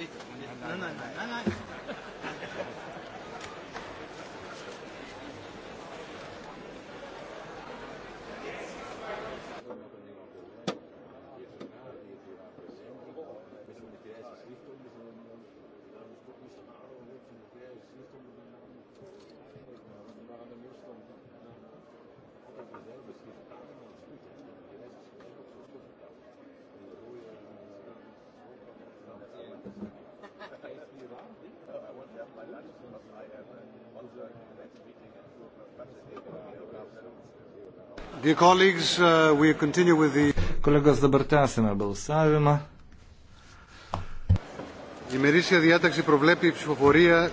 Nicht, nicht, nein, nein, nein, nein, nein. United Plus I am on the next meeting at 2 o'clock. But I think it will be around 7. Dear colleagues, uh, we continue with the... Kolegos, dabar tęsime balsavimą. Η μερίσια διάταξη προβλέπει η ψηφοφορία